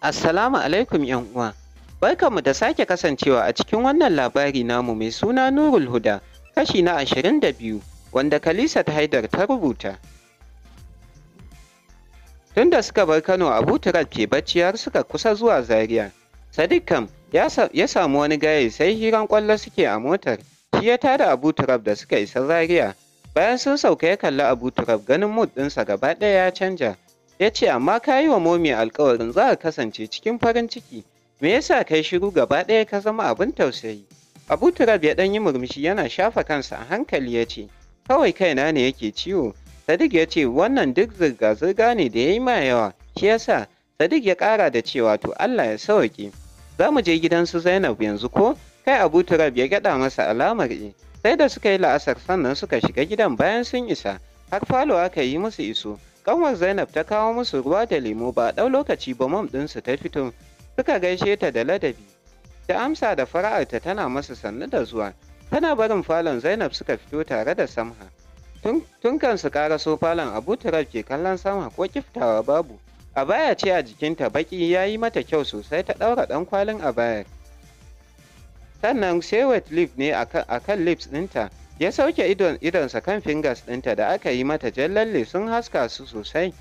Assalamu alaikum ‘yan uwa. Barkanmu da sake kasancewa a cikin wannan labari namu mai suna Nurul Huda, kashi na ashirin da biyu, wanda Kalisa ta haidar ta rubuta. Tunda suka bar Kano Abu Turab ke bacci har suka kusa zuwa Zaria. Sadiq kam ya samu wani gaye sai hiran kwallo suke a motar. Shi ya tada Abu da suka isa Zaria. Bayan sun sauka ya kalli Abu ganin mood ɗinsa gaba ɗaya ya canja. ya ce amma ka yi wa momi alkawarin za a kasance cikin farin ciki me yasa kai shiru gaba ɗaya ka zama abin tausayi abu turab ya ɗan yi murmushi yana shafa kansa a hankali ya ce kawai kaina ne yake ciwo sadiq ya ce wannan duk zirga-zirga ne da ya yi ma yawa shi yasa sadiq ya ƙara da cewa to allah ya sauke za mu je gidan su zainab yanzu ko kai abu turab ya gyaɗa masa alamar e sai da suka yi la'asar sannan suka shiga gidan bayan sun isa har falo aka yi musu iso kanwar Zainab ta kawo musu ruwa da lemo ba a ɗau lokaci ba mom ɗinsu ta fito. Suka gaishe ta da ladabi. Ta amsa da fara'arta tana masa sannu da zuwa. Tana barin falon Zainab suka fito tare da Samha. Tun kan su ƙaraso falon Abu Turab ke kallon Samha ko kiftawa babu. A baya ce a jikinta baƙi ya yi mata kyau sosai ta ɗaura ɗan kwalin a Sannan sai wet ne a kan lips ɗinta ya sauke idonsa kan fingers ɗinta da aka yi mata jallalle sun haska su sosai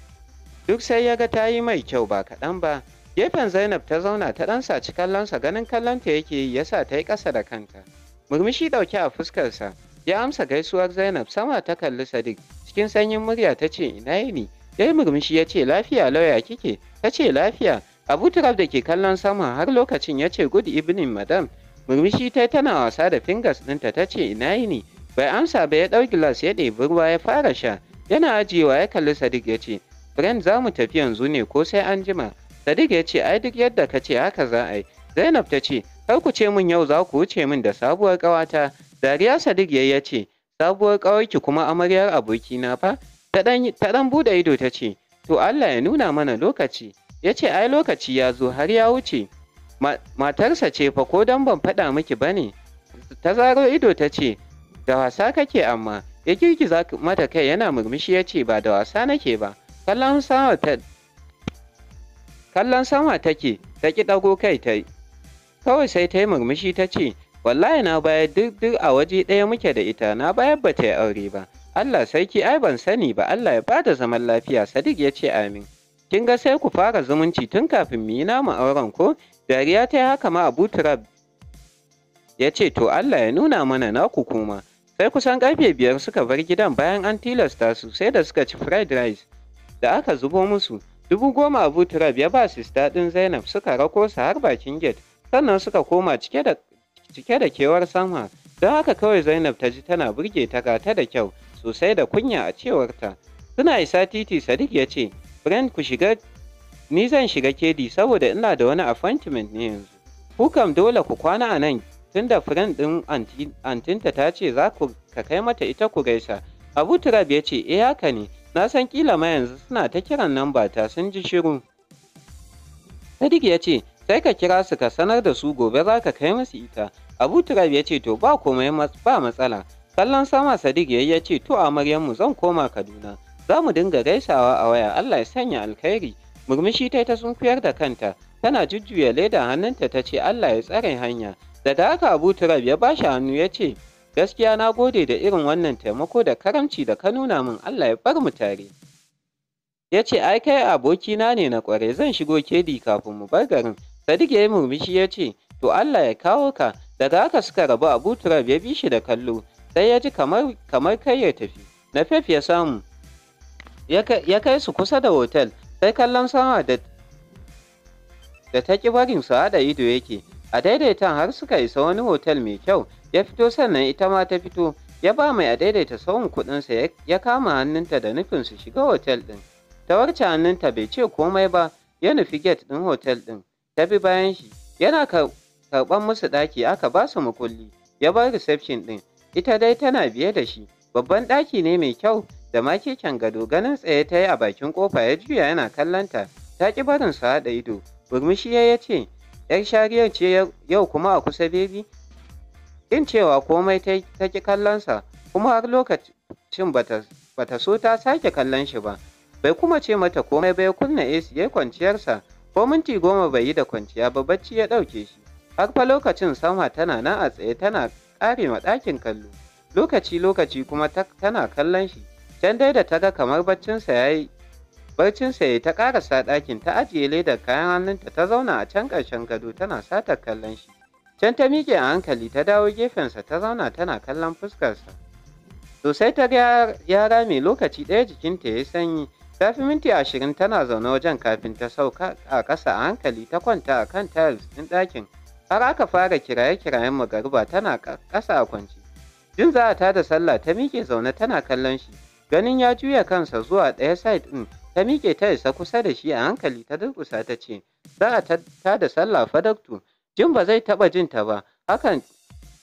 duk sai ya ga ta yi mai kyau ba kaɗan ba gefen zainab ta zauna ta ɗan saci kallonsa ganin kallonta yake yi ya sa ta yi ƙasa da kanta murmushi ɗauke a fuskarsa ya amsa gaisuwar zainab sama ta kalli sadiq cikin sanyin murya ta ce ina ne ya yi murmushi ya ce lafiya lauya kike ta ce lafiya abu turab da ke kallon sama har lokacin ya ce good evening madam murmushi ta tana wasa da fingers ɗinta ta ce ina ne. bai amsa ba ya ɗau gilas ya ɗebi ruwa ya fara sha yana ajiyewa ya kalli sadiq ya ce friend za mu tafi yanzu ne ko sai an jima sadiq ya ce ai duk yadda ka ce haka za a yi zainab ta ce kar ku ce min yau za ku wuce min da sabuwar ƙawata dariya sadiq ya ce sabuwar ƙawarki kuma amaryar abokina fa ta ɗan buɗe ido ta ce to allah ya nuna mana lokaci ya ce ai lokaci ya zo har ya wuce matarsa ce fa ko don ban faɗa miki ba ne ta zaro ido ta ce da wasa kake amma ya girgiza mata kai yana murmushi ya ce ba da wasa nake ba kallon sama ta kallon take ta ki ɗago kai ta kawai sai ta yi murmushi ta ce wallahi na bayar duk duk a waje ɗaya muke da ita na bayar ba ta yi aure ba Allah sarki ai ban sani ba Allah ya bada zaman lafiya Sadiq ya ce amin kin ga sai ku fara zumunci tun kafin mu yi namu auren ko dariya ta yi haka ma Abu Turab ya ce to Allah ya nuna mana naku kuma sai kusan karfe biyar suka bar gidan bayan an tilasta su sai da suka ci fried rice da aka zubo musu dubu goma abu turab ya ba sista ɗin zainab suka rako su har bakin gate sannan suka koma cike da cike kewar sama don haka kawai zainab ta ji tana burge ta gata da kyau sosai da kunya a cewarta suna isa titi sadiq ya ce "Brand ku shiga ni zan shiga kedi saboda ina da wani appointment ne yanzu ku kam dole ku kwana a nan Tun da friend ɗin antinta ta ce za ka kai mata ita ku gaisa. Abu Turab ya ce, eh haka ne, na san kila ma yanzu suna ta kiran nan ba ta sun ji shiru. Sadiq ya ce, sai ka kira su ka sanar da su gobe za ka kai musu ita. Abu Turab ya ce, to ba komai ba matsala. Kallon sama Sadiq ya ce, to a mu zan koma Kaduna. Za mu dinga gaisawa a waya Allah ya sanya alkhairi. Murmushi ta yi ta sunkuyar da kanta, tana jujjuya leda hannunta ta ce Allah ya tsare hanya. Da haka Abu Turab ya ba shi hannu ya ce, Gaskiya na gode da irin wannan taimako da karamci da ka nuna min Allah ya bar mu tare. Ya ce, Ai kai abokina ne na kware zan shigo kedi kafin mu bar garin. Sadiq ya yi murmushi ya ce, To Allah ya kawo ka. Daga haka suka rabu Abu Turab ya bi shi da kallo, sai ya ji kamar, kamar kai ya tafi. Nafef ya samu, ya kai su kusa da hotel, sai kallon sama da, da ta ƙi barin su haɗa ido yake. a daidaitan har suka isa wani hotel mai kyau ya fito sannan ita ma ta fito ya ba mai a daidaita sauran kuɗinsa ya kama hannunta da nufin su shiga hotel ɗin ta warce hannunta bai ce komai ba ya nufi gate ɗin hotel ɗin ta bi bayan shi yana karɓan musu ɗaki aka ba su makulli ya bar reception ɗin ita dai tana biye da shi babban ɗaki ne mai kyau da ma keken gado ganin tsaye ta yi a bakin kofa ya juya yana kallonta ta ƙi barin su haɗa ido burmushi ya ce ‘yar shariyar ce yau kuma a kusa bebi in cewa komai ta ki kallonsa kuma har lokacin ba ta so ta sake kallon shi ba bai kuma ce mata komai ba ya kunna AC ya kwanciyarsa ko minti goma bai yi da kwanciya ba bacci ya ɗauke shi har fa lokacin sama tana nan a tsaye tana ƙare ma ɗakin kallo lokaci lokaci kuma tana kallon shi can dai da ta ga kamar baccinsa ya yi Barcinsa ya ta ƙarasa ɗakin ta ajiye ledar kayan hannunta ta zauna a can ƙarshen gado tana sata kallon shi. Can ta miƙe a hankali ta dawo gefensa ta zauna tana kallon fuskarsa. Sosai ta ga yara mai lokaci ɗaya jikinta ya sanyi ta minti ashirin tana zaune wajen kafin ta sauka a ƙasa a hankali ta kwanta a kan tiles ɗin ɗakin har aka fara kiraye-kirayen magariba tana ƙasa a kwance. Jin za a tada sallah ta miƙe zaune tana kallon shi ganin ya juya kansa zuwa ɗaya side ɗin ta miƙe ta isa kusa da shi a hankali ta durƙusa ta ce za a ta da sallah fadaktu jin ba zai taɓa jin ta ba hakan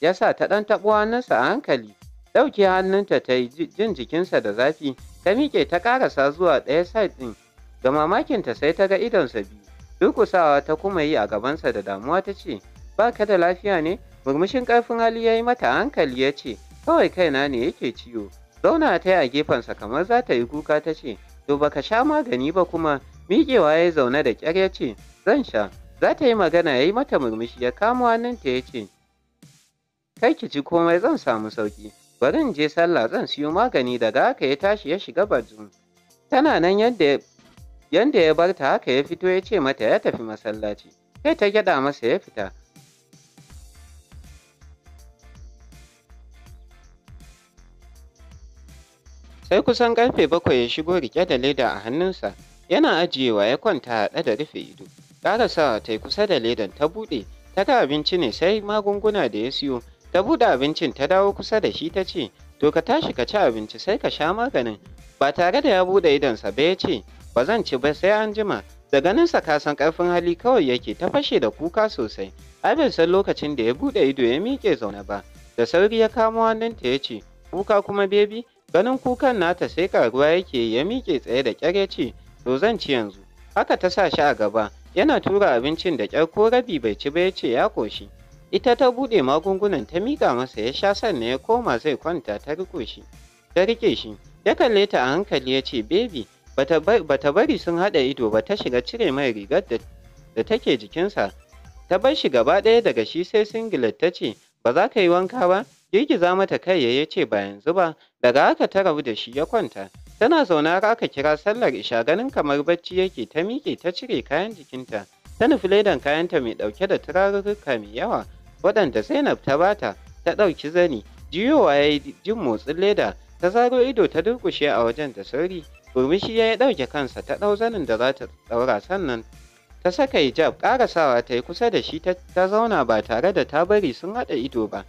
ya sa ta ɗan taɓo hannunsa a hankali ɗauke hannunta ta yi jin jikinsa da zafi ta miƙe ta ƙarasa zuwa ɗaya side ɗin ga mamakinta sai ta ga idonsa biyu durƙusawa ta kuma yi a gabansa da damuwa ta ce ba ka da lafiya ne murmushin ƙarfin hali ya yi mata hankali ya ce kawai kaina ne yake ciwo zauna ta yi a gefensa kamar za ta yi kuka ta ce To baka sha magani ba kuma miƙewa ya zaune da ƙyar ya ce, Zan sha, za ta yi magana ya yi mata murmushi ya kamo hannunta ya ce, Kai ki ci komai zan samu sauƙi, bari in je sallah zan siyo magani daga haka ya tashi ya shiga bazin. Tana nan yadda yanda ya bar ta haka ya fito ya ce mata ya tafi masallaci, sai ta gyada masa ya fita, sai kusan karfe bakwai ya shigo rike da leda a hannunsa yana ajiyewa ya kwanta haɗe da rufe ido ƙarasawa ta yi kusa da ledan ta buɗe ta ga abinci ne sai magunguna da ya siyo ta buɗe abincin ta dawo kusa da shi ta ce to ka tashi ka ci abinci sai ka sha maganin ba tare da ya buɗe idonsa ba ya ce ba zan ci ba sai an jima da ganinsa ka san ƙarfin hali kawai yake ta fashe da kuka sosai ai bai san lokacin da ya buɗe ido ya miƙe zaune ba da sauri ya kamo hannunta ya ce kuka kuma bebi Ganin kukan nata sai karuwa yake ya miƙe tsaye da ƙyar ya ce, To zan ci yanzu. Haka ta sa shi a gaba, yana tura abincin da ƙyar ko rabi bai ci ba ya ce ya koshi. Ita ta buɗe magungunan ta miƙa masa ya sha sannan ya koma zai kwanta ta riƙe shi. Ta riƙe shi, ya kalle ta a hankali ya ce, Baby, bata bari sun haɗa ido ba ta shiga cire mai rigar da take jikinsa. Ta bar shi gaba ɗaya daga shi sai singlet ta ce, Ba za ka yi wanka ba? girgiza mata kai ya ce ba yanzu ba daga haka ta rabu da shi ya kwanta tana zaune har aka kira sallar isha ganin kamar bacci yake ta miƙe ta cire kayan jikinta ta nufi ledan kayanta mai ɗauke da turarurruka mai yawa waɗanda zainab ta bata ta ɗauki zani jiyowa ya yi jin motsin leda ta zaro ido ta durƙushe a wajen da sauri Burmushi ya yi ɗauke kansa ta ɗau zanin da za ta ɗaura sannan ta saka hijab ƙarasawa ta yi kusa da shi ta zauna ba tare da ta bari sun haɗa ido ba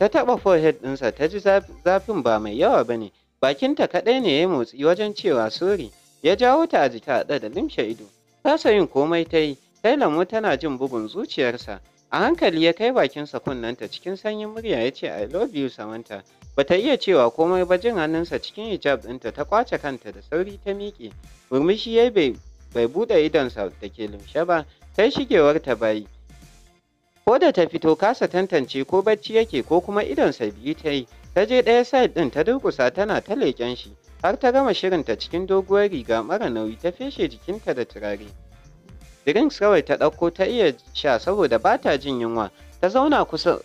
ta taɓa forehead ɗinsa ta ji zafin ba mai yawa ba ne bakinta kaɗai ne ya yi motsi wajen cewa sori ya jawo ta a a da limshe ido kasa yin komai ta yi sai lamu tana jin bugun zuciyarsa a hankali ya kai bakinsa kunnanta cikin sanyin murya ya ce i love you samanta ta iya cewa komai ba jin hannunsa cikin hijab ɗinta ta kwace kanta da sauri ta miƙe murmushi ya bai buɗe idonsa da ke limshe ba sai shigewar ta bayi ko da ta fito kasa tantance ko bacci yake ko kuma idon sa biyu ta yi ta je ɗaya side ɗin ta durƙusa tana ta leƙen shi har ta gama shirinta cikin doguwar riga mara nauyi ta feshe jikinta da turare drinks kawai ta ɗauko ta iya sha saboda ba ta jin yunwa ta zauna kusa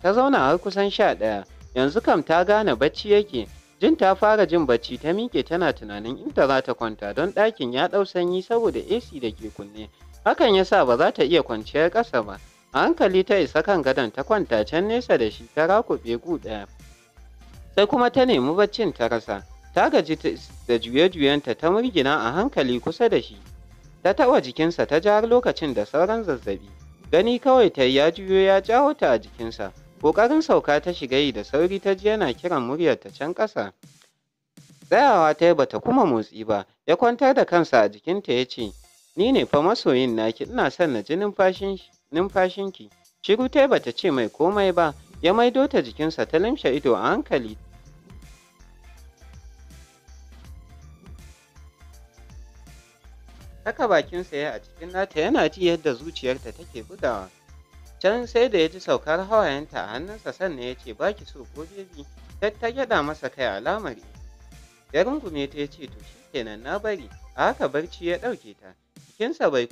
ta zauna har kusan sha ɗaya yanzu kam ta gane bacci yake jin ta fara jin bacci ta miƙe tana tunanin inda za ta kwanta don ɗakin ya ɗau sanyi saboda ac da ke kunne hakan ya sa ba za ta iya kwanciyar ƙasa ba hankali ta isa kan gadon ta kwanta can nesa da shi ta rakuɓe gu ɗaya. Sai kuma ta nemi baccin ta rasa, ta gaji da juye-juyenta ta murgina a hankali kusa da shi. Ta taɓa jikinsa ta jar lokacin da sauran zazzabi. Gani kawai ta ya juyo ya jawo ta a jikinsa. Ƙoƙarin sauka ta shiga yi da sauri ta ji yana kiran muryar ta can ƙasa. Tsayawa ta yi bata kuma motsi ba, ya kwantar da kansa a jikinta ya ce, Ni ne fa masoyin naki ina son na ji numfashinki. Shiru ba bata ce mai komai ba, ya maido ta jikinsa ta limshe ido a hankali. Haka bakin ya a cikin nata yana ji yadda zuciyarta take bugawa. Can sai da ya ji saukar hawayenta a hannunsa sannan ya ce baki so ko bebi ta gyada masa kai alamar ya rungume ta ya ce to shi kenan na bari a haka barci ya ɗauke ta jikinsa bai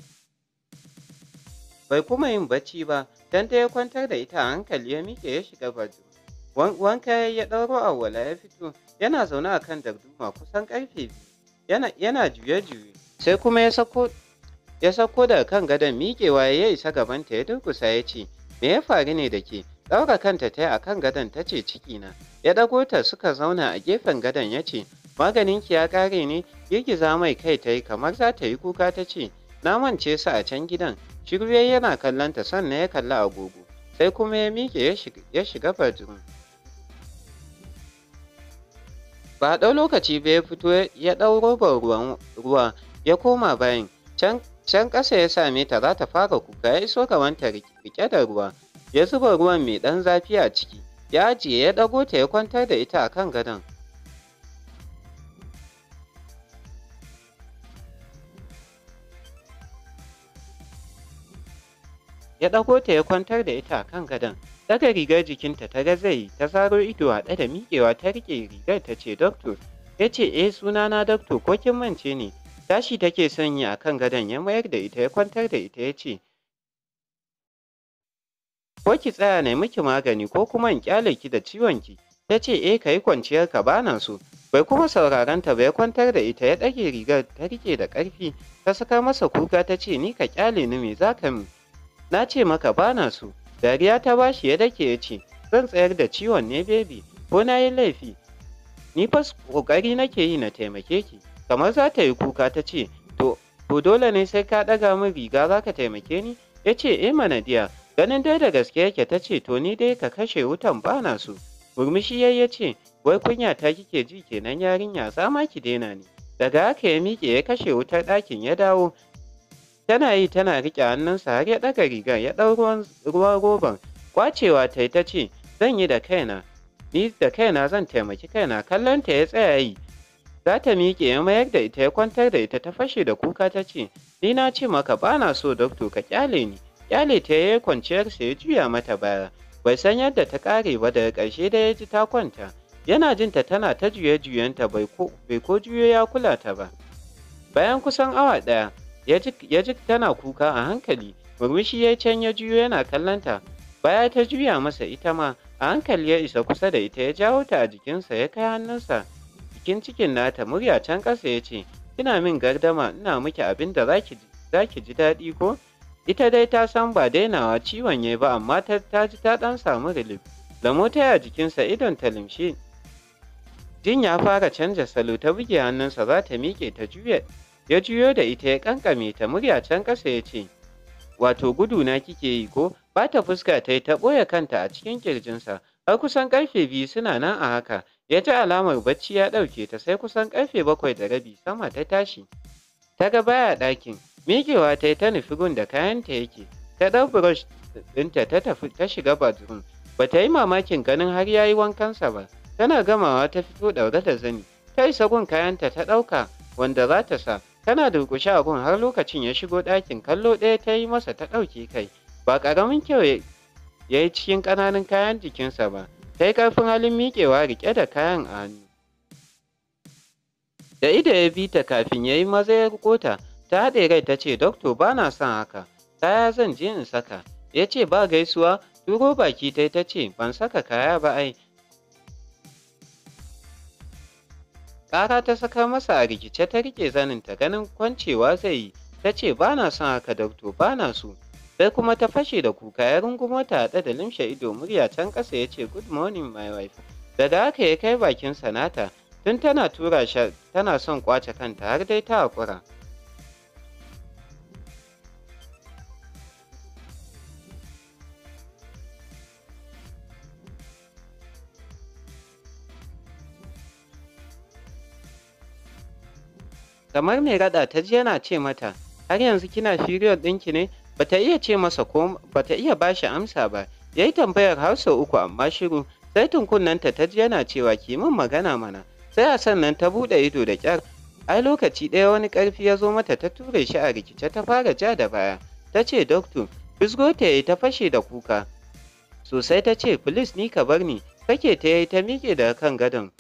bai kuma yin bacci ba dan da ya kwantar da ita a hankali ya miƙe ya shiga bado. wanka ya ɗauro a wala ya fito yana zaune a kan darduma kusan ƙarfe yana juye-juye sai kuma ya sako ya daga kan gadon miƙewa ya isa gabanta ya durkusa ya ce me ya faru ne da ke ɗaura kanta ta a kan gadon ta ce na ya ɗago ta suka zauna a gefen gadon ya ce maganinki ya ƙare ne girgiza mai kai ta yi kamar za ta yi kuka ta ce na mance su a can gidan shirye yana kallon ta sannan ya kalli agogo sai kuma ya miƙe ya shiga bedroom ba ɗau lokaci ba ya fito ya ɗau robar ruwa ya koma bayan can ƙasa ya same ta za ta fara kuka ya iso wanta rike da ruwa ya zuba ruwan mai ɗan zafi a ciki ya ajiye ya ɗago ta ya kwantar da ita a kan gadon ya ɗago ta ya kwantar da ita kan gadon daga rigar jikinta ta ga zai ta zaro ido a da miƙewa ta riƙe rigar ta ce doctor ya ce eh na doctor ko kin mance ne tashi take yi a kan gadon ya mayar da ita ya kwantar da ita ya ce ko ki tsaya na miki magani ko kuma in kyale ki da ciwon ki ta ce eh ka yi kwanciyar ka bana so bai kuma sauraron ta ya kwantar da ita ya ɗage rigar ta riƙe da ƙarfi ta saka masa kuka ta ce ni ka kyale ni me za ka mi Na ce maka bana su. Dariya ta bashi ya dake ya ce, zan tsayar da ciwon ne bebi, ko na yi laifi. Ni fa ƙoƙari nake yi na taimake ki. Kamar za ta yi kuka ta ce, to, to dole ne sai ka ɗaga min riga za ka taimake ni? Ya ce, eh mana diya, ganin dai da gaske yake ta ce, to ni dai ka kashe wutan bana su. Murmushi ya ce, wai kunya ta kike ji kenan yarinya, za ma ki daina ni. Daga haka ya miƙe ya kashe wutar ɗakin ya dawo Tana yi tana riƙe hannunsa har ya ɗaga rigar ya ɗau ruwan roban. Kwacewa ta yi ta ce, zan yi da kaina, ni da kaina zan taimaki kaina kallon ta ya tsaya yi. Za ta miƙe ya mayar da ita ya kwantar da ita ta fashe da kuka ta ce, ni na ce maka ba na so dokto ka kyale ni. Kyale ta ya yi kwanciyarsa ya juya mata baya. Bai san yadda ta ƙare ba daga ƙarshe da ya ji ta kwanta. Yana jin ta tana ta juye-juyenta bai ko juyo ya kula ta ba. Bayan kusan awa ɗaya, ya ji tana kuka a hankali murmushi ya can ya juyo yana kallonta baya ta juya masa ita ma a hankali ya isa kusa da ita ya jawo ta a jikinsa ya kai hannunsa jikin cikin nata murya can kasa ya ce kina min gardama ina miki abin da za ki ji daɗi ko ita dai ta san ba dainawa ciwon ya ba amma ta ji ta ɗan samu rilif lamo ta a jikinsa idon ta limshi. jin ya fara canja salo ta buge hannunsa za ta miƙe ta juya ya juyo da ita ya kankame ta murya can ƙasa ya ce wato gudu na kike yi ko ba ta fuska ta yi ta ɓoye kanta a cikin kirjinsa har kusan ƙarfe biyu suna nan a haka ya ji alamar bacci ya ɗauke ta sai kusan ƙarfe bakwai da rabi sama ta tashi ta ga baya ɗakin miƙewa ta yi ta nufi gun da kayanta yake ta ɗau brush ɗinta ta tafi ta shiga bathroom ba ta yi mamakin ganin har ya yi wankansa ba tana gamawa ta fito ɗaure da zani ta isa gun kayanta ta ɗauka wanda za ta sa tana durƙushe a gun har lokacin ya shigo ɗakin kallo ɗaya ta yi masa ta ɗauke kai ba ƙaramin kyau ya yi cikin ƙananan kayan jikinsa ba ta yi ƙarfin halin miƙewa riƙe da kayan a hannu da ido ya bi ta kafin ya yi maza ya ta ta haɗe rai ta ce dokto ba na son haka ya zan je in saka ya ce ba gaisuwa turo baki ta ta ce ban saka kaya ba ai Ƙara ta saka masa a rikice ta rike zaninta ganin kwancewa zai yi, ta ce ba na son haka dakto ba na so. Sai kuma ta fashe da kuka ya rungumo ta haɗe da limshe ido murya can ƙasa ya ce good morning my wife. Daga haka ya kai bakin sanata tun tana tura tana son kwace kanta har dai ta haƙura. Kamar mai raɗa ta ji yana ce mata, har yanzu kina firiyon ɗinki ne? Bata iya ce masa ko bata iya bashi amsa ba. Yayi tambayar hausa uku amma shiru, sai tunkunnanta ta ji yana cewa ki min magana mana. Sai a sannan ta buɗe ido da ƙyar. Ai lokaci ɗaya wani ƙarfi ya zo mata ta ture shi a rikice ta fara ja da baya. Ta ce, doctor Fisgo ta yi ta fashe da kuka. Sosai ta ce, please ni ka bar ni, kake ta yi ta miƙe daga kan gadon.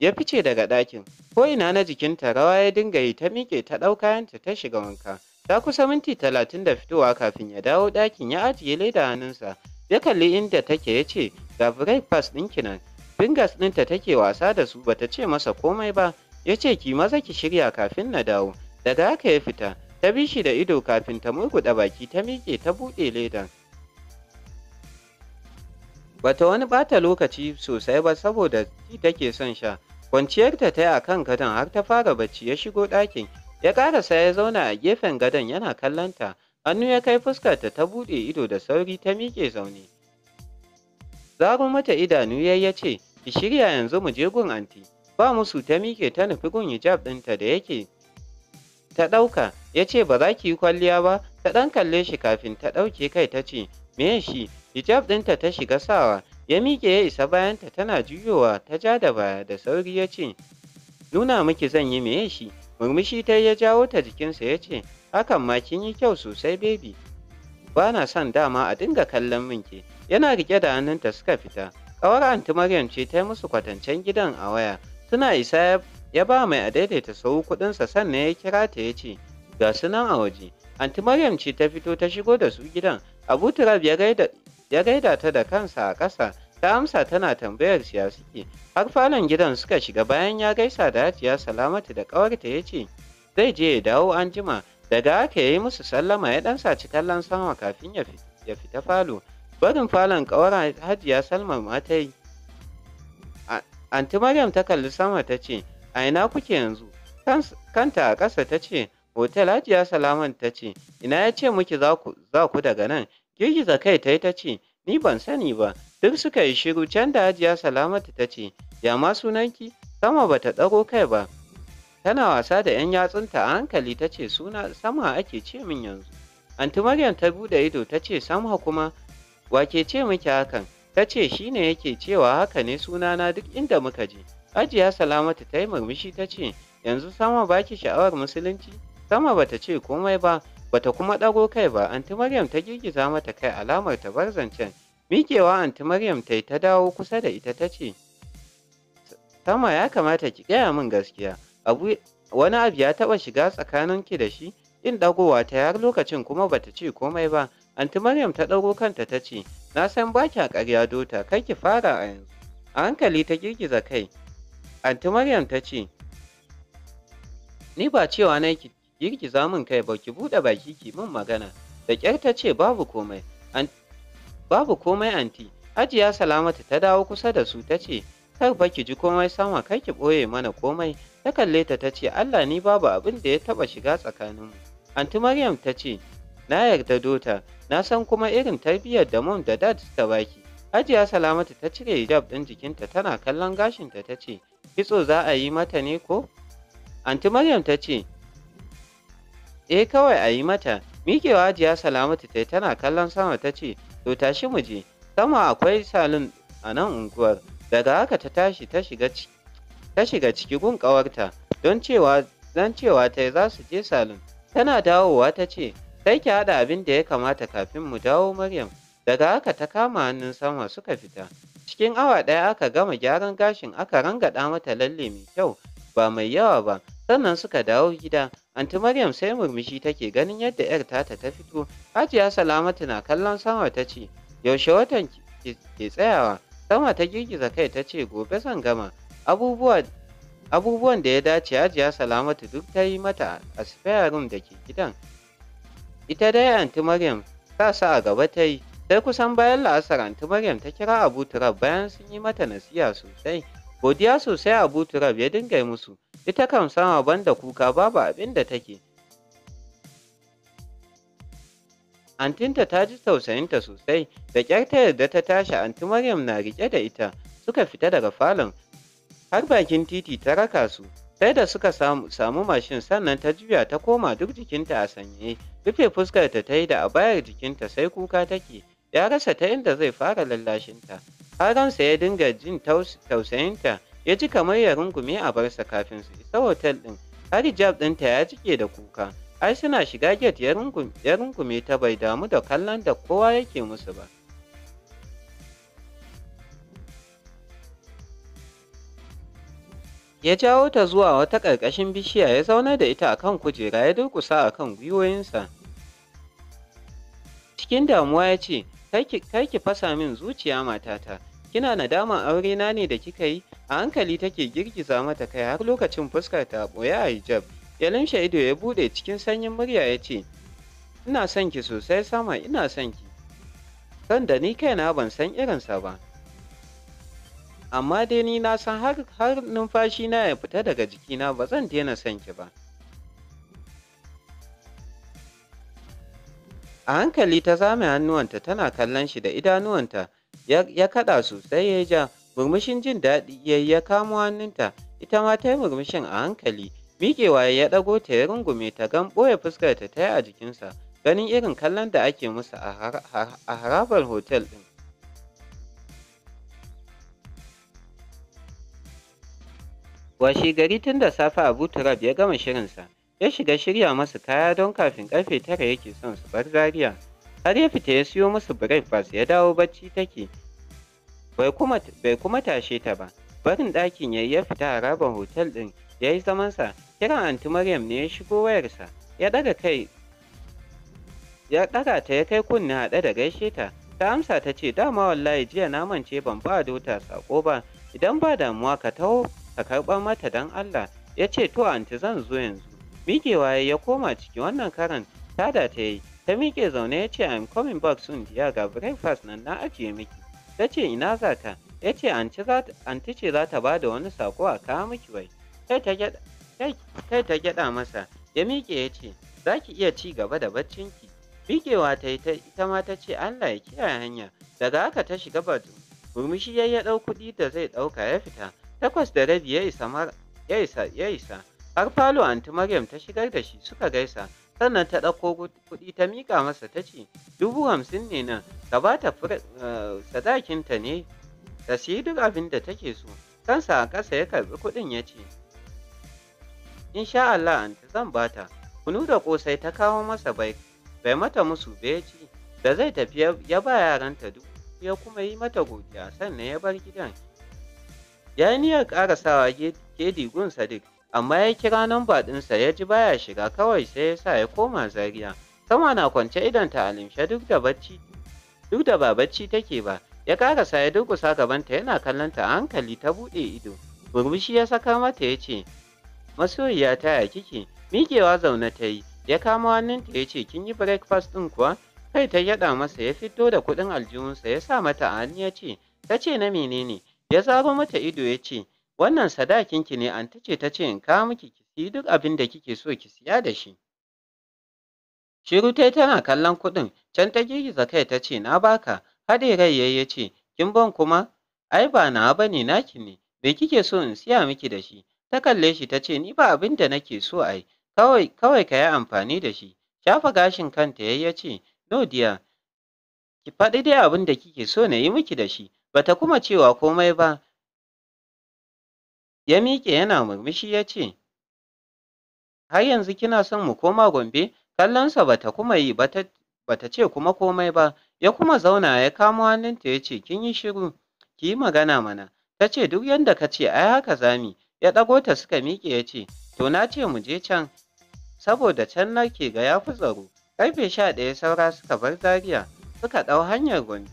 ya fice daga ɗakin ko ina na jikinta rawa ya dinga yi ta miƙe ta ɗau kayanta ta shiga wanka ta kusa minti talatin da fitowa kafin ya dawo ɗakin ya ajiye leda hannunsa ya kalli inda take ya ce ga breakfast ɗinki nan fingers ɗinta take wasa da su bata ce masa komai ba ya ce ki maza ki shirya kafin na dawo daga haka ya fita ta bi shi da ido kafin ta murguɗa baki ta miƙe ta buɗe ledan Bata wani bata lokaci sosai ba saboda ki take son sha. Kwanciyarta ta yi a kan gadon har ta fara bacci ya shigo ɗakin. Ya karasa ya zauna a gefen gadon yana kallonta. Hannu ya kai fuskarta ta buɗe ido da sauri ta miƙe zaune. Zaro mata idanu ya ya ce, Ki shirya yanzu mu je gun anti. Ba musu ta miƙe ta nufi gun hijab ɗinta da yake ta ɗauka ya ce ba za ki yi kwalliya ba ta ɗan kalle shi kafin ta ɗauke kai ta ce me shi Hijab ɗinta ta shiga sawa, ya miƙe ya isa bayanta tana juyowa ta ja da baya da sauri ya ce, Nuna miki zan yi meye shi, murmushi ta ya jawo ta jikinsa ya ce, Hakan ma kin yi kyau sosai bebi. Ba na son dama a dinga kallon minki, yana riƙe da hannunta suka fita. Ƙawar Anti Maryam ce ta yi musu kwatancen gidan a waya, suna isa ya ba mai a daidaita sau kuɗinsa sannan ya kira ta ya ce, Ga su nan a waje, Anti Maryam ce ta fito ta shigo da su gidan, Abu Turab ya gaida ya gaida ta da kansa a ƙasa ta amsa tana tambayar shi ya suke har falon gidan suka shiga bayan ya gaisa da hajiya salamatu da ƙawarta ya ce zai je ya dawo an jima daga haka ya yi musu sallama ya ɗan saci kallon sama kafin ya fita falo barin falon ƙawar hajiya salma ma ta yi anti maryam ta kalli sama ta ce a ina kuke yanzu kanta a ƙasa ta ce hotel hajiya salaman ta ce ina ya ce muke za ku daga nan Girgiza kai ta yi ta ce, Ni ban sani ba, duk suka yi shiru can da ajiya salamatu ta ce, Ya ma sunanki? Sama ba ta ɗago kai ba. Tana wasa da ‘yan yatsunta a hankali ta ce suna sama ake ce min yanzu. Anti Maryam ta buɗe ido ta ce sama kuma wake ce miki hakan? Ta ce shi ne yake cewa haka ne sunana duk inda muka je. Ajiya salamatu ta yi murmushi ta ce yanzu sama baki sha'awar musulunci? Sama bata ce komai ba Bata kuma ɗago kai ba, anti Maryam ta girgiza mata kai alamar ta bar zancen. Miƙewa anti Maryam ta yi ta dawo kusa da ita ta ce, Tama ya kamata ki gaya min gaskiya, abu wani abu ya taɓa shiga tsakanin ki da shi, in ɗagowa ta har lokacin kuma bata ce komai ba, anti Maryam ta ɗago kanta ta ce, Na san ba kya ƙarya dota, Kar ki fara a yanzu. A hankali ta girgiza kai, anti Maryam ta ce, Ni ba cewa na ki girgiza min kai ba ki buɗe baki ki min magana da kyar ta ce babu komai babu komai anti hajiya salamatu ta dawo kusa da su ta ce kar ba ki ji komai sama kar ki ɓoye mana komai ta kalle ta ta ce allah ni babu abin da ya taɓa shiga tsakanin mu anti maryam ta ce na yarda dota na san kuma irin tarbiyyar da mun da dad ta baki hajiya salamatu ta cire hijab din jikinta tana kallon gashinta ta ce kitso za a yi mata ne ko anti maryam ta ce eh kawai a yi mata miƙewa hajiya salamatu ta tana kallon sama ta ce to tashi mu je sama akwai salon a nan unguwar daga haka ta tashi ta shiga ta shiga ciki gun ƙawarta don cewa don cewa za su je salon tana dawowa ta ce sai ki haɗa abin da ya kamata kafin mu dawo maryam daga haka ta kama hannun sama suka fita cikin awa ɗaya aka gama gyaran gashin aka rangaɗa mata lalle mai kyau ba mai yawa ba sannan suka dawo gida Anti Maryam sai murmushi take ganin yadda 'yar tata ta fito. Hajiya Salamatu na kallon sama ta ce, Yaushe watan ke tsayawa? Sama ta girgiza kai ta ce, Gobe zan gama. Abubuwan da ya dace Hajiya Salamatu duk ta yi mata a spare room da ke gidan. Ita dai Anti Maryam ta sa a gaba ta yi, sai kusan bayan la'asar Anti Maryam ta kira Abu Turab bayan sun yi mata nasiha sosai. Godiya sosai Abu Turab ya dinga musu. ita kan sama banda kuka babu abin da take antinta ta ji tausayinta sosai da ƙyar ta yarda ta tashi anti maryam na riƙe da ita suka fita daga falon har bakin titi ta raka su sai da suka samu mashin sannan ta juya ta koma duk jikinta a sanye rufe fuskarta ta yi da a bayar jikinta sai kuka take ya rasa ta inda zai fara lallashinta haransa ya dinga jin tausayinta ya ji kamar ya rungume a barsa kafin su isa hotel ɗin har hijab ɗinta ya cike da kuka ai suna shiga get ya rungume ta bai damu da kallon da kowa yake musu ba ya jawo ta zuwa wata ƙarƙashin bishiya ya zauna da ita a kan kujera ya durƙusa a kan gwiwoyinsa cikin damuwa ya ce kai ki fasa min zuciya matata kina nadaman aure na ne da kika yi a hankali take girgiza mata kai har lokacin fuskar ta ɓoye a hijab ya limshe ido ya buɗe cikin sanyin murya ya ce ina son ki sosai sama ina son ki san da ni kaina ban san irinsa ba amma dai ni na san har, har numfashi na ya fita daga jikina ba zan daina son ki ba a hankali ta zame hannuwanta tana kallon shi da idanuwanta ya, ya kaɗa sosai ya ja murmushin jin daɗi ya ya kamo hannunta ita ma ta yi murmushin a hankali miƙewa ya ɗago ta ya rungume ta gan ɓoye fuskar ta ta yi a jikinsa ganin irin kallon da ake musu a harabar hotel ɗin washe gari tun da safe abu turab ya gama shirinsa ya shiga shirya masu kaya don kafin karfe tara yake son su bar zaria har ya fita ya siyo musu breakfast ya dawo bacci take bai kuma tashe ta ba barin ɗakin yayi ya fita a harabar hotel ɗin ya yi zamansa kiran anti maryam ne ya shigo wayarsa ya ɗaga kai ya ɗaga ta ya kai kunne haɗe da gaishe ta ta amsa ta ce dama wallahi jiya na mance ban ba dota sako ba idan ba damuwa ka taho ka karɓar mata don allah ya ce to anti zan zo yanzu miƙewa ya koma ciki wannan karan tada ta yi ta miƙe zaune ya ce i'm coming back soon diya ga breakfast nan na ajiye miki Ta ce ina za ka? Ya ce anti ce za ta ba da wani sako a kawo miki wai. Kai ta gyaɗa masa ya miƙe ya ce za ki iya ci gaba da baccinki. Miƙewa ta yi ita ma ta ce Allah ya kiyaye hanya. Daga haka ta shiga batu. Murmushi ya ya ɗau kuɗi da zai ɗauka ya fita. Takwas da rabi ya isa ya isa. Har falo anti Maryam ta shigar da shi suka gaisa. sannan ta ɗauko kuɗi ta miƙa masa ta ce dubu hamsin ne nan ka ba ta eh, sadakinta ne ta siyi duk abin da take so kansa a ƙasa ya karɓi kuɗin ya ce In sha Allah anti zan bata kunu da ƙosai ta kawo masa bai bai mata musu ba ya da zai tafi ya ba yaranta duk ya kuma yi mata godiya sannan ya bar gidan ya yi niyyar ƙarasawa gedigunsa duk sadiq amma ya kira namba ɗinsa ya ji baya shiga kawai sai ya sa ya koma Zaria. Sama na kwance idonta a limshe duk da bacci duk da ba bacci take ba ya karasa ya durkusa gabanta yana kallon ta a hankali ta buɗe ido murmushi ya saka mata ya ce masoyiya ta ya kike miƙewa zaune ta yi ya kama hannunta ya ce kin yi breakfast ɗin kuwa kai ta yaɗa masa ya fito da kuɗin aljihunsa ya sa mata a hannu ya ce ta ce na menene ya zaro mata ido ya ce wannan sadakin ki ne anti ce ta ce in ka miki ki yi duk abin da kike so ki siya da shi shiru tai tana kallon kuɗin can ta girgiza kai ta ce na baka haɗe rai ya ce kin ban kuma ai ba na ba ne naki ne me kike so in siya miki da shi ta kalle shi ta ce ni ba abin da nake so ai kawai kawai ka yi amfani da shi shafa gashin kanta yayi ya ce no dear ki faɗi dai abin da kike so na yi miki da shi bata kuma cewa komai ba Ya miƙe yana murmushi ya ce, Har yanzu kina son mu koma Gombe? Kallonsa ba ta kuma yi ba ce kuma komai ba, ya kuma zauna ya kamo hannunta ya ce, Kin yi shiru, ki yi magana mana. Ta ce, Duk yadda ka ce, ai haka zami. Ya ɗago ta suka miƙe ya ce, To na ce mu je can, saboda can nake ga ya fi tsaro. Ƙarfe sha ɗaya saura suka bar Zaria, suka ɗau hanyar Gombe.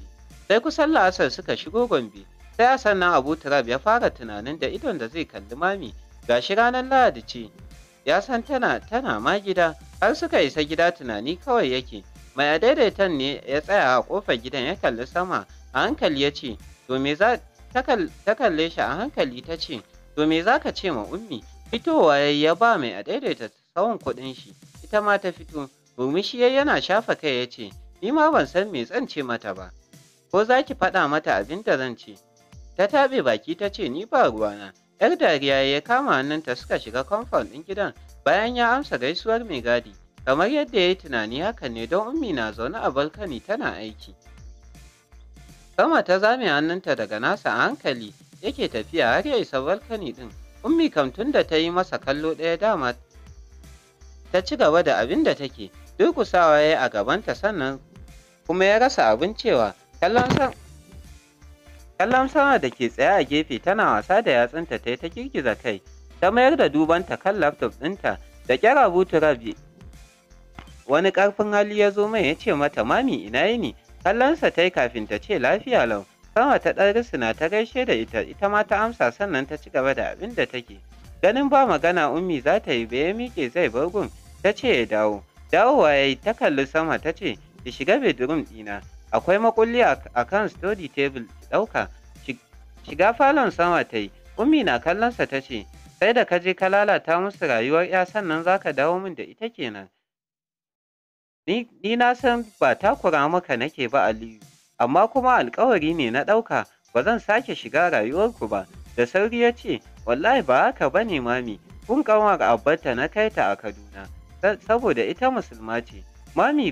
Sai kusan la'asar suka shigo Gombe, Sai sannan Abu Turab ya fara tunanin da idon da zai kalli mami Ga shi ranar Lahadi ce. Ya san tana tana ma gida har suka isa gida tunani kawai yake. Mai adaidaitan ne ya tsaya a kofar gidan ya kalli sama a hankali ya ce to me za ta kalle shi a hankali ta ce to me za ka ce ma ummi fitowa ya ba mai adaidaita tsawon kuɗin shi ita ma ta fito shi yana shafa kai ya ce, Ni ma ban san me zan ce mata ba, ko za ki faɗa mata abin da zan ce, Ta taɓe baki ta ce ni ba ruwana. ‘Yar dariya ya kama hannunta suka shiga kamfan ɗin gidan bayan ya amsa gaisuwar mai gadi. Kamar yadda ya yi tunani hakan ne don ummi na zaune a balkani tana aiki. Sama ta zame hannunta daga nasa a hankali yake tafiya har ya isa balkani ɗin. Ummi kam tun da ta yi masa kallo ɗaya dama ta ci gaba da abin da take durkusawa ya yi a gabanta sannan kuma ya rasa abin cewa kallon san Kallon sama da ke tsaye a gefe tana wasa da yatsunta ta yi ta girgiza kai, ta mayar da dubanta kan laptop ɗinta da kyara rabi Wani ƙarfin hali ya zo mai ya ce mata mami ina yini, kallonsa ta yi kafin ta ce lafiya lau. Sama ta ɗan risina ta gaishe da ita, ita ma ta amsa sannan ta ci gaba da abin da take. Ganin ba magana ummi za ta yi ya miƙe zai bar gun ta ce ya dawo. Dawowa ya yi ta kalli sama ta ce, ki shiga bedroom ɗina, akwai makulli a kan study table ɗauka shiga falon sama ta yi ummi na kallonsa ta ce sai da ka je ka lalata musu rayuwar ya sannan za ka dawo min da ita kenan ni na san ba takura maka nake ba aliyu amma kuma alkawari ne na ɗauka ba zan sake shiga rayuwarku ba da sauri ya ce wallahi ba haka ba ne mami kun kawar Abarta na kai ta a kaduna saboda ita musulma ce mami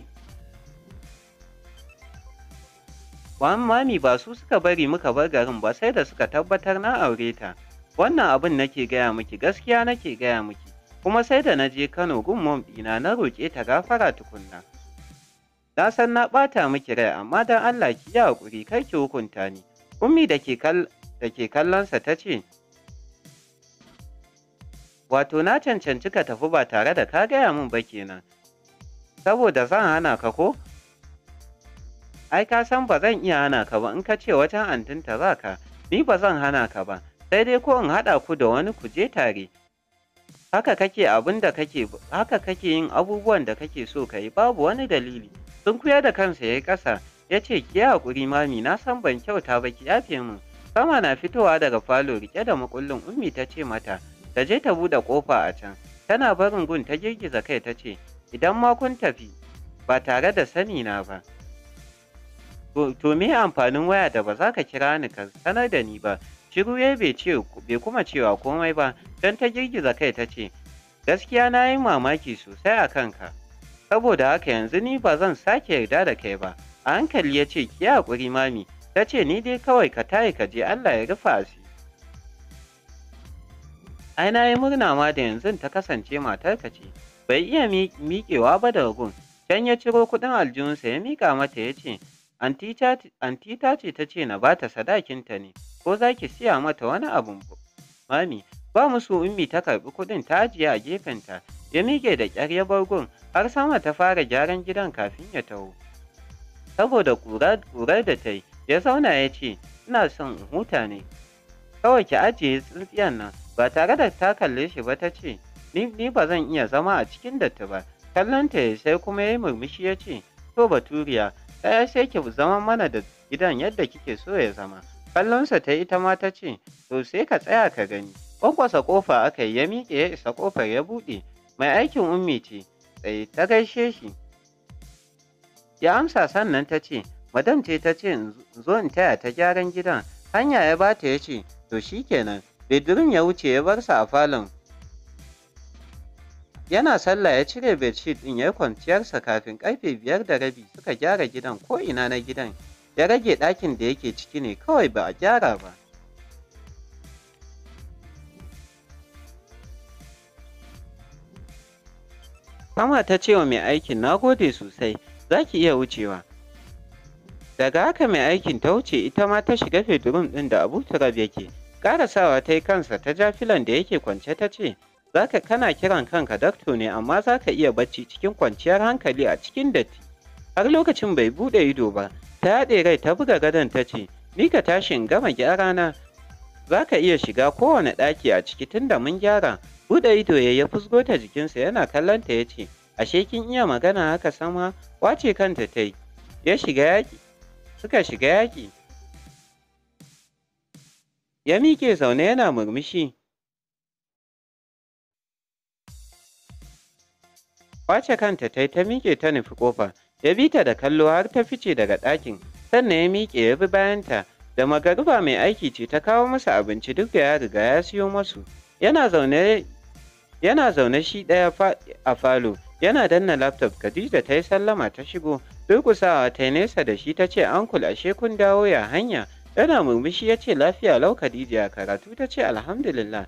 mami ba su suka bari muka bar garin ba sai da suka tabbatar na aure ta. Wannan abin nake gaya miki gaskiya nake gaya miki. Kuma sai da na je Kano gun mom ɗina na roƙe ta gafara tukunna. Na san na ɓata miki rai amma dan Allah ki yi haƙuri kai ki hukunta ni. Ummi da ke kallonsa ta ce, Wato na cancanci ka tafi ba tare da ka gaya min ba kenan, saboda zan hana ka ko? ai ka san ba zan iya hana ka ba in ka ce wajen antinta za ka ni ba zan hana ka ba sai dai ko in haɗa ku da wani ku je tare haka kake abin da kake haka kake yin abubuwan da kake so ka yi babu wani dalili sun kuya da kansa ya yi ƙasa ya ce ki yi haƙuri mami na san ban kyauta ba ki yafe mu. sama na fitowa daga falo Rike da makullin ummi ta ce mata ta je ta buɗe ƙofa a can tana barin gun ta girgiza kai ta ce idan ma kun tafi ba tare da sani na ba To me amfanin waya da ba za ka kira ni ka sanar da ni ba? Shiru ya bai kuma cewa komai ba, don ta girgiza kai ta ce, Gaskiya na yi mamaki sosai a kanka, saboda haka yanzu ni ba zan sake yarda da kai ba. A hankali ya ce, Ki haƙuri mami, ta ce ni dai kawai ka tayi ka je Allah ya rufa asiri. Ai na yi murna ma da yanzu ta kasance matar ka ce, bai iya miƙewa ba da gun, can ya ciro kuɗin aljihunsa ya miƙa mata ya ce, Anti ta ce ta ce na ba ta sadakinta ne, ko za ki siya mata wani abun mami, ba musu ummi ta karɓi kuɗin ta ajiye a gefenta, ya miƙe da ƙyar ya gun. har sama ta fara gyaran gidan kafin ya taho. Saboda ƙurar da ta yi, ya zauna ya ce, ina son in huta ne. Kawai ki ajiye tsintsiyan nan, ba tare da ta kalle shi ba ta ce, ni ba zan iya zama a cikin datti ba. Kallonta ya sai kuma ya yi murmushi ya ce, to baturiya, ɗaya sai ki zama mana da gidan yadda kike so ya zama. Kallonsa ta ita ma ta ce, to sai ka tsaya ka gani. Kwakwasa ƙofa aka yi ya miƙe ya isa kofar ya buɗe, mai aikin ummi ce, tsaye ta gaishe shi. Ya amsa sannan ta ce, madam ce ta ce in zo in taya ta gyaran gidan, hanya ya bata ya ce, to shi kenan, Bedroom ya wuce ya bar sa a falon Yana sallah ya cire bedsheet ɗin ya yi kwanciyarsa kafin ƙarfe biyar da rabi suka gyara gidan ko ina na gidan ya rage ɗakin da yake ciki ne kawai ba a gyara ba. Mama ta ce wa mai aikin na gode sosai zaki iya wucewa. Daga haka mai aikin ta wuce ita ma ta shiga bedroom ɗin da Abu Turab yake. Ƙarasawa ta yi kansa ta ja filan da yake kwance ta ce, Za ka kana kiran kanka dakto ne amma za ka iya bacci cikin kwanciyar hankali a cikin datti har lokacin bai buɗe ido ba ta yaɗe rai ta buga gadon ta ce ni ka tashin gama gyara na ka iya shiga kowane ɗaki a ciki tunda mun gyara buɗe ido ya ya fusgo ta jikinsa yana kallon ta ya ce ashe kin iya magana haka sama wace kanta ta yi ya shiga yaƙi suka shiga yaƙi ya miƙe zaune yana murmushi Kwace kanta ta yi ta miƙe ta nufi ƙofa, ya bi ta da kallo har ta fice daga ɗakin, sannan ya miƙe ya bi bayanta, da magariba mai aiki ce ta kawo masa abinci duk da ya riga ya siyo masu. Yana zaune yana zaune shi ɗaya a falo, yana danna laptop Khadija ta yi sallama ta shigo, durƙusawa ta yi nesa da shi ta ce ankul ashe kun dawo ya hanya, yana murmushi ya ce lafiya lau Khadija karatu ta ce alhamdulillah,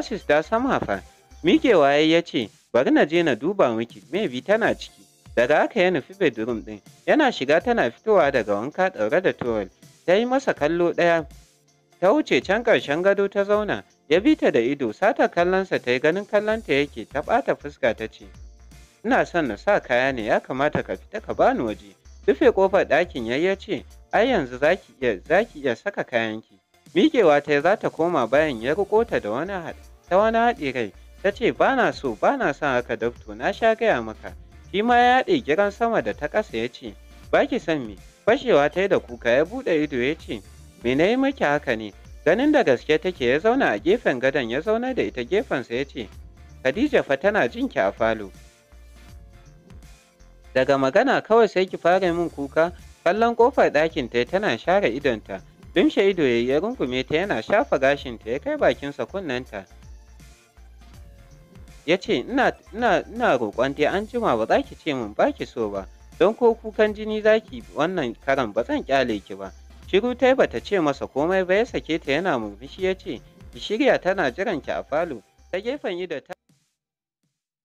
sis ta sama fa, miƙewa ya ce bari na je na duba miki bi tana ciki daga haka ya nufi bedroom ɗin yana shiga tana fitowa daga wanka ɗaure da towel ta yi masa kallo ɗaya ta wuce can karshen gado ta zauna ya bi ta da ido sata kallonsa ta yi ganin kallonta yake ta bata fuska ta ce ina son na sa kaya ne ya kamata ka fita ka bani waje rufe ƙofar ɗakin yayi ya ce ai yanzu zaki iya zaki iya saka kayanki miƙewa ta za ta koma bayan ya riƙo ta da wani ta wani haɗe rai ta ce ba na so ba na son haka dakto na sha gaya maka shi ma ya haɗe giran sama da ta ƙasa ya ce ba ki son me fashewa ta yi da kuka ya buɗe ido ya ce me na yi maki haka ne ganin da gaske take ya zauna a gefen gadon ya zauna da ita gefensa ya ce khadija fa tana jin ki a falo daga magana kawai sai ki fara min kuka kallon kofar ɗakin ta tana share idonta dumshe ido ya rungume ta yana shafa gashinta ya kai bakinsa kunnenta ya ce ina roƙon dai an jima ba za ki ce min ba ki so ba don ko kukan jini za ki wannan karan ba zan kyale ki ba shiru tai ba ta ce masa komai ba ya sake ta yana murmushi ya ce ki shirya tana jiran ki a falo ta gefen yi ta